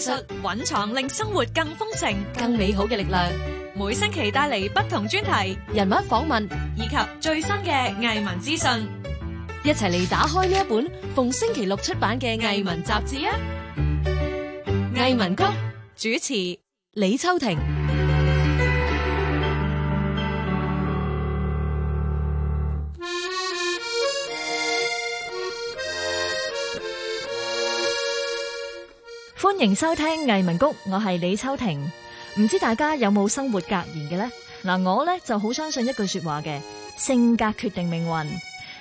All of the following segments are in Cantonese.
蘊藏令生活更豐盛更美好嘅力量，每星期帶嚟不同專題人物訪問，以及最新嘅藝文資訊，一齊嚟打開呢一本逢星期六出版嘅藝文雜誌啊。藝文谷，主持李秋婷。歡迎收聽藝文谷，我係李秋婷。唔知大家有冇生活格言嘅呢？嗱，我咧就好相信一句說話嘅，性格決定命運。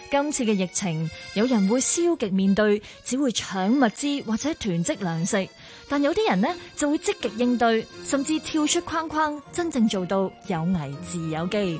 今次嘅疫情，有人會消極面對，只會搶物資或者囤積糧食；但有啲人呢，就會積極應對，甚至跳出框框，真正做到有危自有機。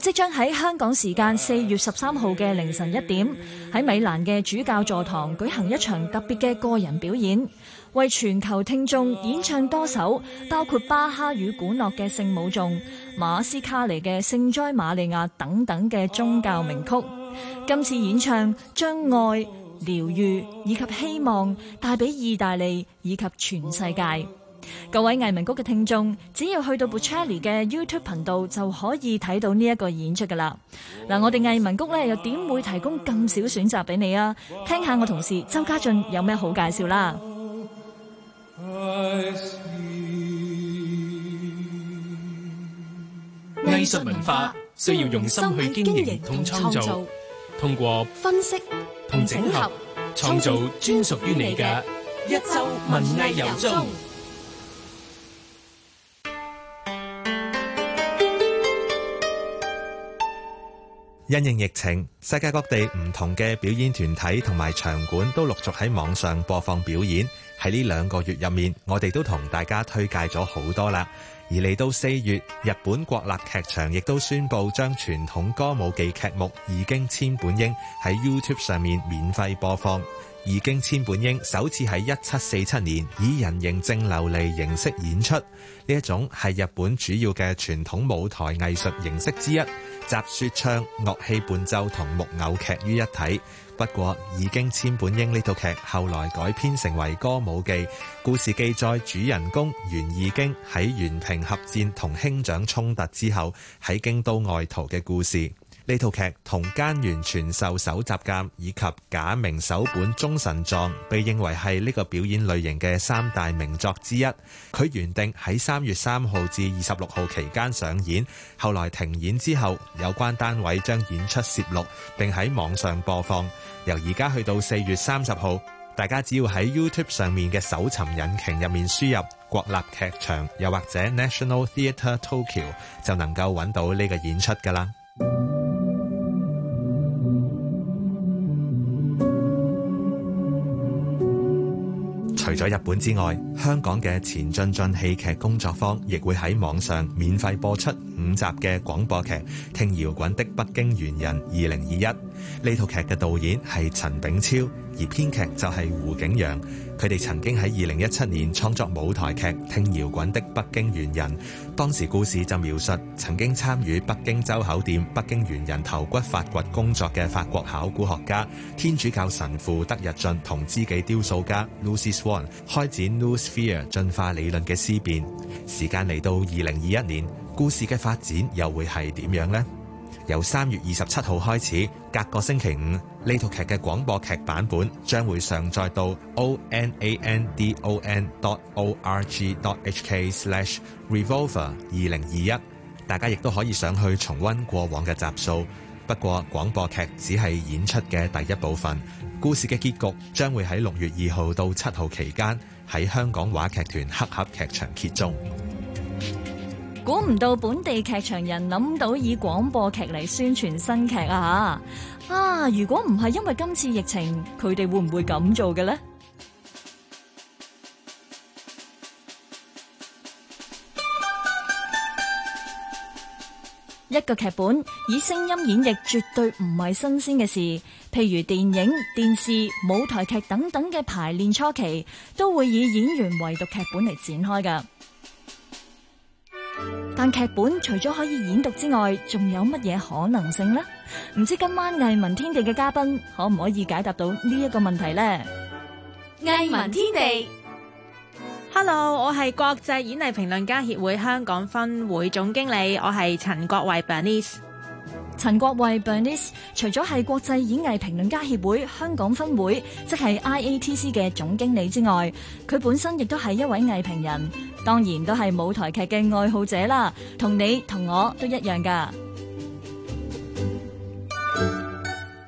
即將喺香港時間四月十三號嘅凌晨一點，喺米蘭嘅主教座堂舉行一場特別嘅個人表演，為全球聽眾演唱多首包括巴哈與古諾嘅聖母頌、馬斯卡尼嘅聖哉瑪利亞等等嘅宗教名曲。今次演唱將愛、療愈以及希望帶俾意大利以及全世界。各位藝文谷嘅聽眾，只要去到 Bucherry 嘅 YouTube 頻道就可以睇到呢一個演出噶啦。嗱，我哋藝文谷咧又點會提供咁少選擇俾你啊？聽下我同事周家俊有咩好介紹啦。藝術文化需要用心去經營同創造，通過分析同整合，創造專屬於你嘅一周文藝遊蹤。因應疫情，世界各地唔同嘅表演團體同埋場館都陸續喺網上播放表演。喺呢兩個月入面，我哋都同大家推介咗好多啦。而嚟到四月，日本國立劇場亦都宣布將傳統歌舞伎劇目《義經千本櫻》喺 YouTube 上面免費播放。《義經千本櫻》首次喺一七四七年以人形淨瑠璃形式演出，呢一種係日本主要嘅傳統舞台藝術形式之一，集說唱、樂器伴奏同木偶劇於一體。不過，《義經千本櫻》呢套劇後來改編成為歌舞伎，故事記載主人公源義經喺源平合戰同兄長衝突之後喺京都外逃嘅故事。呢套劇同《菅原傳授手習鑑》以及《假名手本忠臣藏》被認為係呢個表演類型嘅三大名作之一。佢原定喺三月三號至二十六號期間上演，後來停演之後，有關單位將演出攝錄並喺網上播放。由而家去到四月三十號，大家只要喺 YouTube 上面嘅搜尋引擎入面輸入國立劇場，又或者 National Theatre Tokyo，就能夠揾到呢個演出噶啦。除咗日本之外，香港嘅前進進戲劇工作坊亦會喺網上免費播出五集嘅廣播劇《聽搖滾的北京猿人二零二一》。呢套劇嘅導演係陳炳超，而編劇就係胡景陽。佢哋曾經喺二零一七年創作舞台劇《聽搖滾的北京猿人》，當時故事就描述曾經參與北京周口店北京猿人頭骨發掘工作嘅法國考古學家天主教神父德日進同知己雕塑家 Lucy Swan 開展 Noosphere 進化理論嘅思辨。時間嚟到二零二一年，故事嘅發展又會係點樣呢？由三月二十七號開始，隔個星期五，呢套劇嘅廣播劇版本將會上載到 o n a n d o n dot o r g dot h k slash revolver 二零二一。大家亦都可以上去重溫過往嘅集數。不過廣播劇只係演出嘅第一部分，故事嘅結局將會喺六月二號到七號期間喺香港話劇團黑盒劇場揭盅。估唔到本地劇場人諗到以廣播劇嚟宣傳新劇啊！啊！如果唔係因為今次疫情，佢哋會唔會咁做嘅呢？一個劇本以聲音演繹，絕對唔係新鮮嘅事。譬如電影、電視、舞台劇等等嘅排練初期，都會以演員圍讀劇本嚟展開㗎。但劇本除咗可以演讀之外，仲有乜嘢可能性呢？唔知今晚藝文天地嘅嘉賓可唔可以解答到呢一個問題呢？藝文天地，Hello，我係國際演藝評論家協會香港分會總經理，我係陳國慧 Bernice。陳國慧 Bernice 除咗係國際演藝評論家協會香港分會即係 IATC 嘅總經理之外，佢本身亦都係一位藝評人，當然都係舞台劇嘅愛好者啦，同你同我都一樣噶。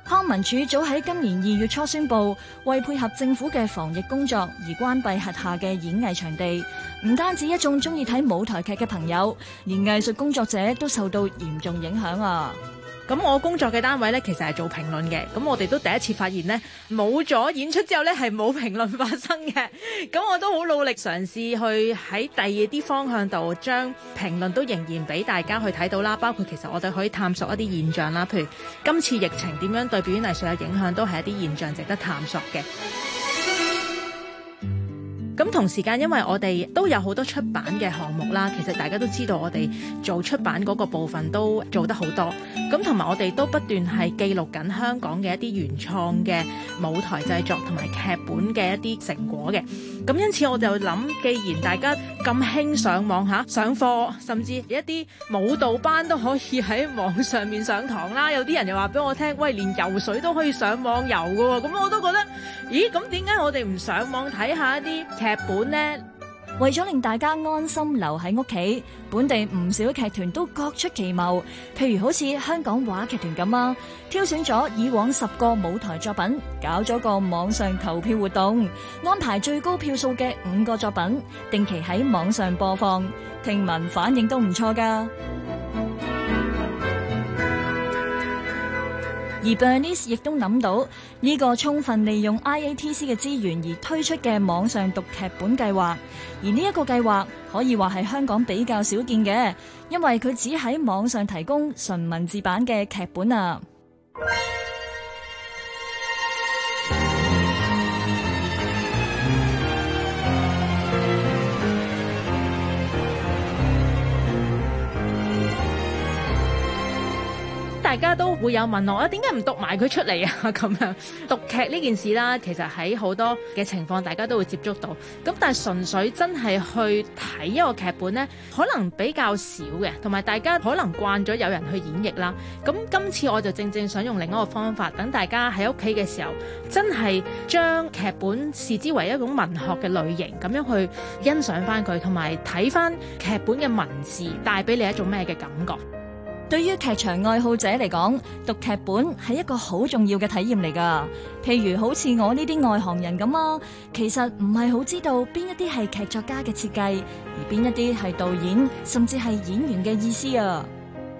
康文署早喺今年二月初宣布，為配合政府嘅防疫工作而關閉轄下嘅演藝場地，唔單止一眾中意睇舞台劇嘅朋友，連藝術工作者都受到嚴重影響啊！咁我工作嘅單位咧，其實係做評論嘅。咁我哋都第一次發現咧，冇咗演出之後咧，係冇評論發生嘅。咁我都好努力嘗試去喺第二啲方向度將評論都仍然俾大家去睇到啦。包括其實我哋可以探索一啲現象啦，譬如今次疫情點樣對表演藝術有影響，都係一啲現象值得探索嘅。咁同時間，因為我哋都有好多出版嘅項目啦，其實大家都知道我哋做出版嗰個部分都做得好多。咁同埋我哋都不斷係記錄緊香港嘅一啲原創嘅舞台製作同埋劇本嘅一啲成果嘅。咁因此我就諗，既然大家咁興上網下、啊、上課，甚至一啲舞蹈班都可以喺網上面上堂啦。有啲人又話俾我聽，喂，連游水都可以上網遊㗎喎。咁我都覺得，咦？咁點解我哋唔上網睇下一啲劇本呢？為咗令大家安心留喺屋企，本地唔少劇團都各出奇謀，譬如好似香港話劇團咁啊，挑選咗以往十個舞台作品，搞咗個網上投票活動，安排最高票數嘅五個作品，定期喺網上播放，聽聞反應都唔錯㗎。而 Bernice 亦都諗到呢個充分利用 IATC 嘅資源而推出嘅網上讀劇本計劃，而呢一個計劃可以話係香港比較少見嘅，因為佢只喺網上提供純文字版嘅劇本啊。大家都會有問我，點解唔讀埋佢出嚟啊？咁樣讀劇呢件事啦，其實喺好多嘅情況，大家都會接觸到。咁但係純粹真係去睇一個劇本呢，可能比較少嘅，同埋大家可能慣咗有人去演繹啦。咁今次我就正正想用另一個方法，等大家喺屋企嘅時候，真係將劇本視之為一種文學嘅類型，咁樣去欣賞翻佢，同埋睇翻劇本嘅文字帶俾你一種咩嘅感覺。對於劇場愛好者嚟講，讀劇本係一個好重要嘅體驗嚟㗎。譬如好似我呢啲外行人咁啊，其實唔係好知道邊一啲係劇作家嘅設計，而邊一啲係導演，甚至係演員嘅意思啊。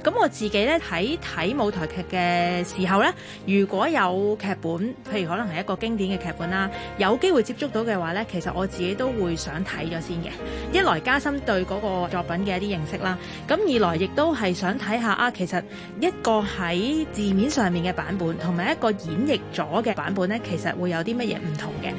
咁我自己咧，喺睇舞台劇嘅時候咧，如果有劇本，譬如可能係一個經典嘅劇本啦，有機會接觸到嘅話咧，其實我自己都會想睇咗先嘅。一來加深對嗰個作品嘅一啲認識啦，咁二來亦都係想睇下啊，其實一個喺字面上面嘅版本，同埋一個演繹咗嘅版本咧，其實會有啲乜嘢唔同嘅。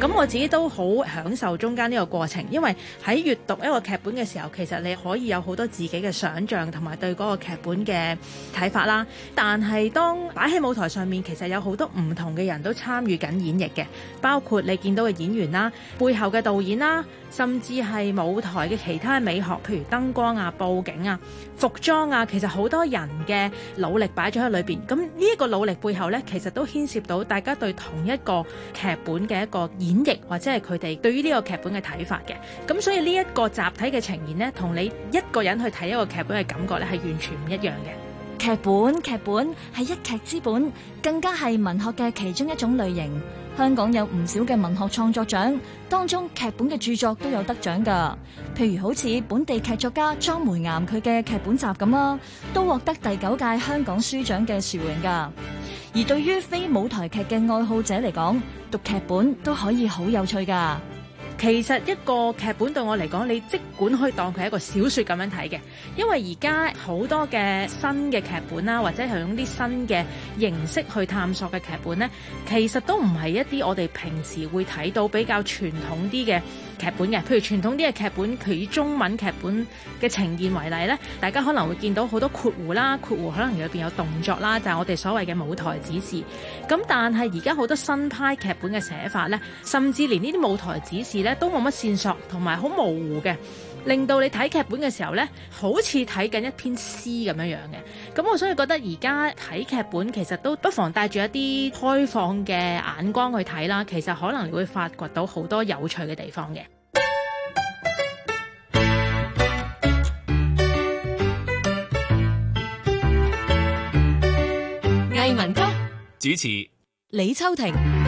咁我自己都好享受中間呢個過程，因為喺閱讀一個劇本嘅時候，其實你可以有好多自己嘅想像同埋對嗰個劇本嘅睇法啦。但係當擺喺舞台上面，其實有好多唔同嘅人都參與緊演繹嘅，包括你見到嘅演員啦、背後嘅導演啦，甚至係舞台嘅其他美學，譬如燈光啊、佈景啊、服裝啊，其實好多人嘅努力擺咗喺裏邊，咁呢一個努力背後咧，其實都牽涉到大家對同一個劇本嘅一個。演繹或者係佢哋對於呢個劇本嘅睇法嘅，咁所以呢一個集體嘅呈現呢，同你一個人去睇一個劇本嘅感覺咧，係完全唔一樣嘅。劇本，劇本係一劇之本，更加係文學嘅其中一種類型。香港有唔少嘅文學創作獎，當中劇本嘅著作都有得獎噶。譬如好似本地劇作家莊梅岩佢嘅劇本集咁啦，都獲得第九屆香港書獎嘅殊榮噶。而對於非舞台劇嘅愛好者嚟講，讀劇本都可以好有趣噶。其實一個劇本對我嚟講，你即管可以當佢係一個小說咁樣睇嘅，因為而家好多嘅新嘅劇本啦，或者係用啲新嘅形式去探索嘅劇本咧，其實都唔係一啲我哋平時會睇到比較傳統啲嘅劇本嘅。譬如傳統啲嘅劇本，佢以中文劇本嘅呈現為例咧，大家可能會見到好多括弧啦，括弧可能裏邊有動作啦，就係我哋所謂嘅舞台指示。咁但係而家好多新派劇本嘅寫法咧，甚至連呢啲舞台指示咧，都冇乜線索，同埋好模糊嘅，令到你睇劇本嘅時候呢，好似睇緊一篇詩咁樣樣嘅。咁，我所以我覺得而家睇劇本，其實都不妨帶住一啲開放嘅眼光去睇啦。其實可能你會發掘到好多有趣嘅地方嘅。藝文谷主持李秋婷。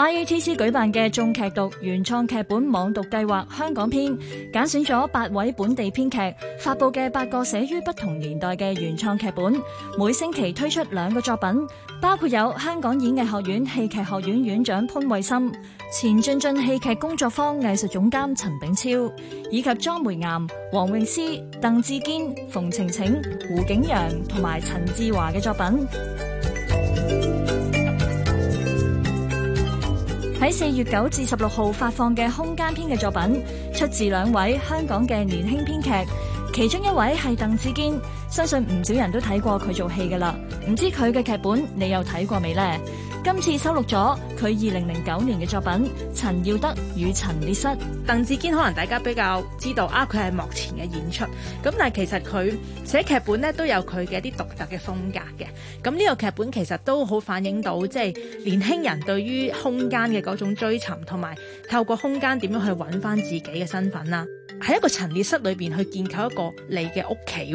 IATC 舉辦嘅眾劇讀原創劇本網讀計劃香港篇，揀選咗八位本地編劇發佈嘅八個寫於不同年代嘅原創劇本，每星期推出兩個作品，包括有香港演藝學院戲劇學院院長潘惠森、前進進戲劇工作坊藝術總監陳炳超，以及莊梅岩、黃詠詩、鄧志堅、馮晴晴、胡景陽同埋陳志華嘅作品。喺四月九至十六號發放嘅空間篇嘅作品，出自兩位香港嘅年輕編劇，其中一位係鄧志堅，相信唔少人都睇過佢做戲噶啦，唔知佢嘅劇本你又睇過未呢？今次收錄咗佢二零零九年嘅作品《陳耀德與陳列室》，鄧志堅可能大家比較知道啊，佢係幕前嘅演出。咁但係其實佢寫劇本咧都有佢嘅一啲獨特嘅風格嘅。咁呢個劇本其實都好反映到即係年輕人對於空間嘅嗰種追尋，同埋透過空間點樣去揾翻自己嘅身份啦。喺一個陳列室裏邊去建構一個你嘅屋企。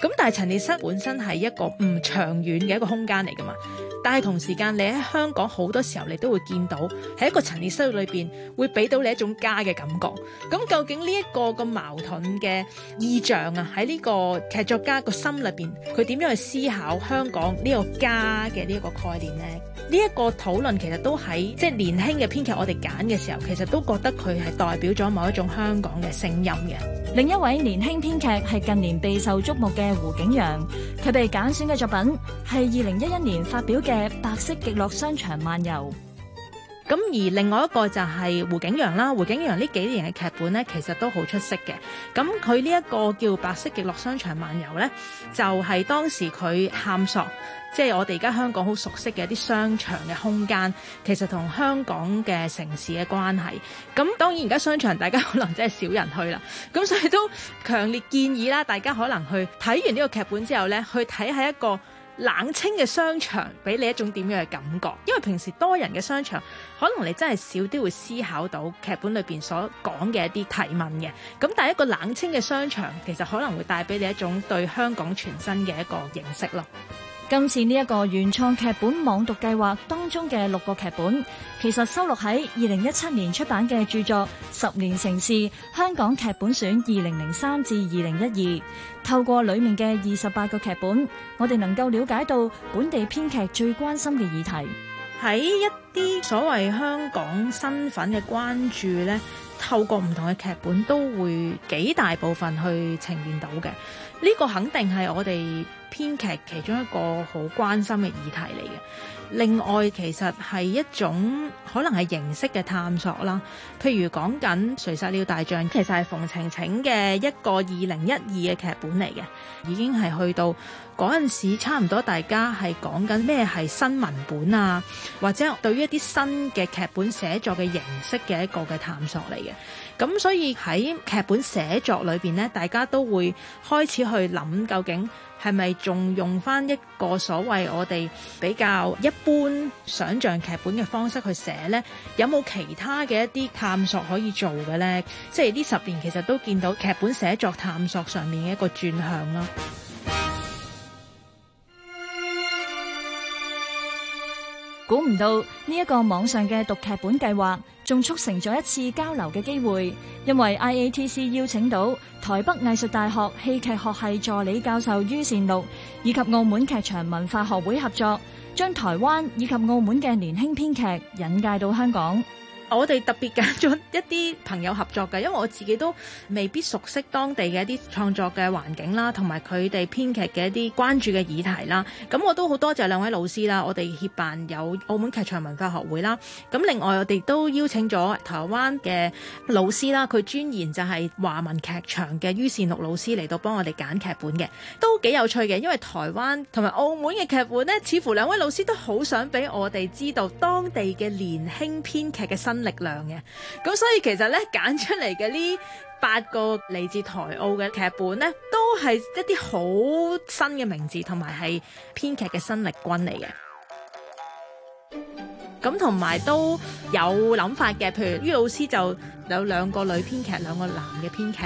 咁但係陳列室本身係一個唔長遠嘅一個空間嚟噶嘛。但係同時間，你喺香港好多時候，你都會見到喺一個陳列室裏邊會俾到你一種家嘅感覺。咁究竟呢一個咁矛盾嘅意象啊，喺呢個劇作家個心裏邊，佢點樣去思考香港呢個家嘅呢一個概念呢？呢一個討論其實都喺即係年輕嘅編劇，我哋揀嘅時候，其實都覺得佢係代表咗某一種香港嘅聲音嘅。另一位年輕編劇係近年備受矚目嘅胡景陽，佢被揀選嘅作品係二零一一年發表嘅。白色極樂商場漫遊》，咁而另外一個就係胡景陽啦。胡景陽呢幾年嘅劇本呢，其實都好出色嘅。咁佢呢一個叫《白色極樂商場漫遊》呢，就係當時佢探索，即係我哋而家香港好熟悉嘅一啲商場嘅空間，其實同香港嘅城市嘅關係。咁當然而家商場大家可能真係少人去啦。咁所以都強烈建議啦，大家可能去睇完呢個劇本之後呢，去睇下一個。冷清嘅商場俾你一種點樣嘅感覺？因為平時多人嘅商場，可能你真係少啲會思考到劇本裏面所講嘅一啲提問嘅。咁但係一個冷清嘅商場，其實可能會帶俾你一種對香港全新嘅一個認識囉。今次呢一個原創劇本網讀計劃當中嘅六個劇本，其實收錄喺二零一七年出版嘅著作《十年城市，香港劇本選二零零三至二零一二》。透過裏面嘅二十八個劇本，我哋能夠了解到本地編劇最關心嘅議題。喺一啲所謂香港身份嘅關注呢，透過唔同嘅劇本都會幾大部分去呈現到嘅。呢個肯定係我哋編劇其中一個好關心嘅議題嚟嘅。另外，其實係一種可能係形式嘅探索啦。譬如講緊《誰殺了大象》，其實係馮晴晴嘅一個二零一二嘅劇本嚟嘅，已經係去到嗰陣時差唔多，大家係講緊咩係新文本啊，或者對於一啲新嘅劇本寫作嘅形式嘅一個嘅探索嚟嘅。咁所以喺劇本寫作裏邊呢，大家都會開始去諗究竟。係咪仲用翻一個所謂我哋比較一般想象劇本嘅方式去寫呢？有冇其他嘅一啲探索可以做嘅呢？即係呢十年其實都見到劇本寫作探索上面嘅一個轉向啦。估唔到呢一個網上嘅讀劇本計劃。仲促成咗一次交流嘅機會，因為 IATC 邀請到台北藝術大學戲劇學系助理教授于善祿，以及澳門劇場文化學會合作，將台灣以及澳門嘅年輕編劇引介到香港。我哋特別揀咗一啲朋友合作嘅，因為我自己都未必熟悉當地嘅一啲創作嘅環境啦，同埋佢哋編劇嘅一啲關注嘅議題啦。咁我都好多謝兩位老師啦，我哋協辦有澳門劇場文化學會啦。咁另外我哋都邀請咗台灣嘅老師啦，佢專研就係華文劇場嘅於善陸老師嚟到幫我哋揀劇本嘅，都幾有趣嘅。因為台灣同埋澳門嘅劇本呢，似乎兩位老師都好想俾我哋知道當地嘅年輕編劇嘅新力量嘅咁，所以其實咧揀出嚟嘅呢八個嚟自台澳嘅劇本呢都係一啲好新嘅名字，同埋係編劇嘅新力軍嚟嘅。咁同埋都有諗法嘅，譬如於老師就有兩個女編劇，兩個男嘅編劇。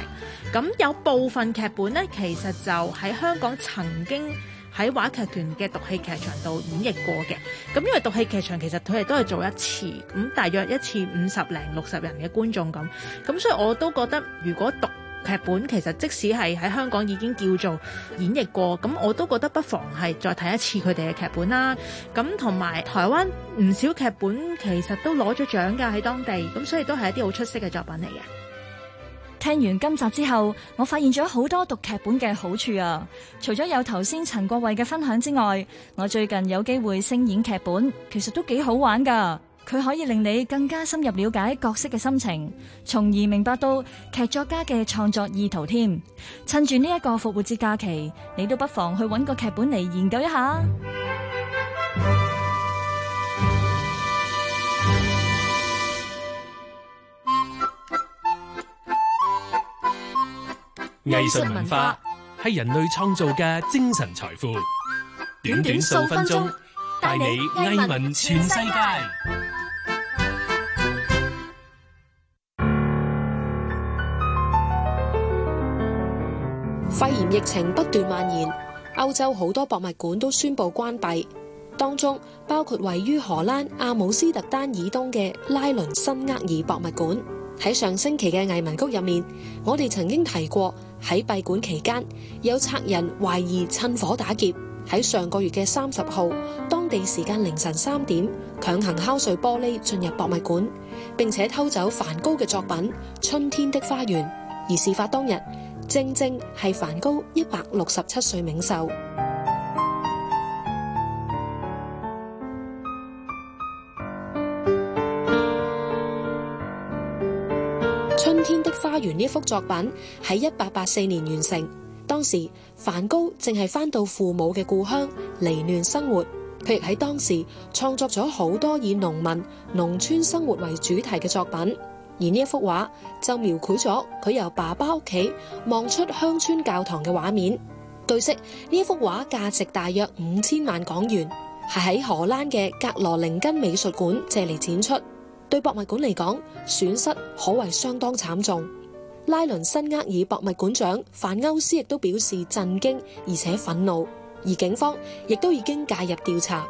咁有部分劇本呢，其實就喺香港曾經。喺話劇團嘅讀戲劇場度演繹過嘅，咁因為讀戲劇場其實佢哋都係做一次，咁大約一次五十零六十人嘅觀眾咁，咁所以我都覺得如果讀劇本，其實即使係喺香港已經叫做演繹過，咁我都覺得不妨係再睇一次佢哋嘅劇本啦。咁同埋台灣唔少劇本其實都攞咗獎㗎喺當地，咁所以都係一啲好出色嘅作品嚟嘅。聽完今集之後，我發現咗好多讀劇本嘅好處啊！除咗有頭先陳國慧嘅分享之外，我最近有機會聲演劇本，其實都幾好玩㗎。佢可以令你更加深入了解角色嘅心情，從而明白到劇作家嘅創作意圖添。趁住呢一個復活節假期，你都不妨去揾個劇本嚟研究一下。藝術文化係人類創造嘅精神財富。短短數分鐘，帶你藝文全世界。肺炎疫情不斷蔓延，歐洲好多博物館都宣布關閉，當中包括位於荷蘭阿姆斯特丹以東嘅拉倫辛厄爾博物館。喺上星期嘅藝文谷入面，我哋曾經提過喺閉館期間有賊人懷疑趁火打劫。喺上個月嘅三十號，當地時間凌晨三點，強行敲碎玻璃進入博物館，並且偷走梵高嘅作品《春天的花園》。而事發當日，正正係梵高一百六十七歲冥壽。春天的花園呢幅作品喺一八八四年完成，當時梵高淨係翻到父母嘅故鄉，離亂生活。佢亦喺當時創作咗好多以農民、農村生活為主題嘅作品。而呢一幅畫就描繪咗佢由爸爸屋企望出鄉村教堂嘅畫面對。據悉呢一幅畫價值大約五千萬港元，係喺荷蘭嘅格羅寧根美術館借嚟展出。對博物館嚟講，損失可謂相當慘重。拉倫新厄爾博物館長范歐斯亦都表示震驚，而且憤怒。而警方亦都已經介入調查。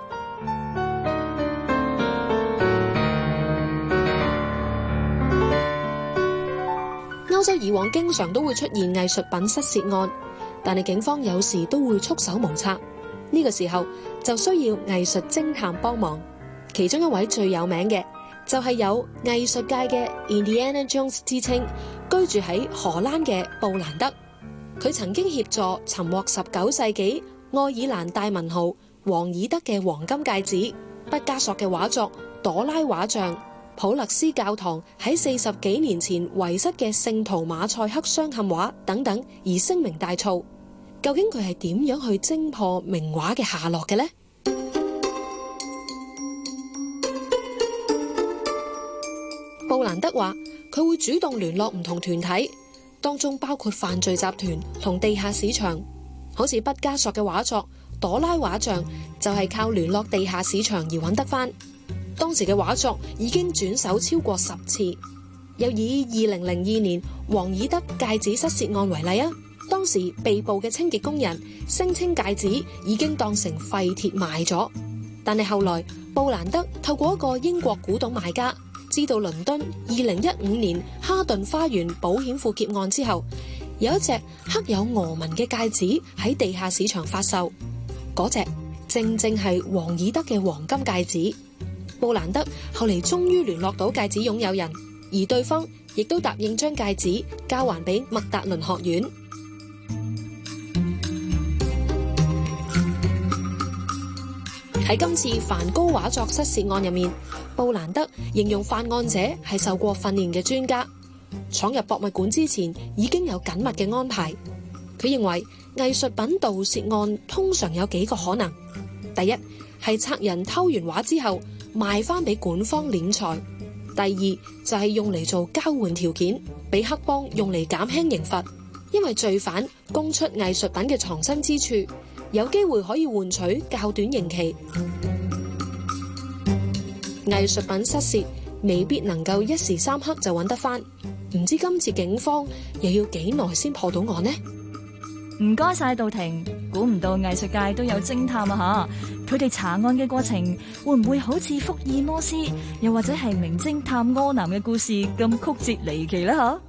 歐洲以往經常都會出現藝術品失竊案，但係警方有時都會束手無策。呢、這個時候就需要藝術偵探幫忙。其中一位最有名嘅，就係有藝術界嘅 Indiana Jones 之稱，居住喺荷蘭嘅布蘭德，佢曾經協助尋獲十九世紀愛爾蘭大文豪王爾德嘅黃金戒指、畢加索嘅畫作《朵拉畫像》、普勒斯教堂喺四十幾年前遺失嘅聖徒馬賽克鑲嵌畫等等而聲名大噪。究竟佢係點樣去偵破名畫嘅下落嘅呢？布蘭德話：佢會主動聯絡唔同團體，當中包括犯罪集團同地下市場，好似畢加索嘅畫作《朵拉畫像》就係靠聯絡地下市場而揾得翻。當時嘅畫作已經轉手超過十次。又以二零零二年王爾德戒指失竊案為例啊，當時被捕嘅清潔工人聲稱戒指已經當成廢鐵賣咗，但係後來布蘭德透過一個英國古董賣家。知道倫敦二零一五年哈頓花園保險庫劫案之後，有一隻刻有俄文嘅戒指喺地下市場發售，嗰隻正正係王爾德嘅黃金戒指。布蘭德後嚟終於聯絡到戒指擁有人，而對方亦都答應將戒指交還俾麥達倫學院。喺今次梵高畫作失竊案入面，布蘭德形容犯案者係受過訓練嘅專家，闖入博物館之前已經有緊密嘅安排。佢認為藝術品盜竊案通常有幾個可能：第一係賊人偷完畫之後賣翻俾館方斂財；第二就係用嚟做交換條件，俾黑幫用嚟減輕刑罰，因為罪犯供出藝術品嘅藏身之處。有機會可以換取較短刑期。藝術品失竊未必能夠一時三刻就揾得翻，唔知今次警方又要幾耐先破到案呢？唔該晒，杜婷，估唔到藝術界都有偵探啊！嚇，佢哋查案嘅過程會唔會好似福爾摩斯，又或者係名偵探柯南嘅故事咁曲折離奇啦，嚇？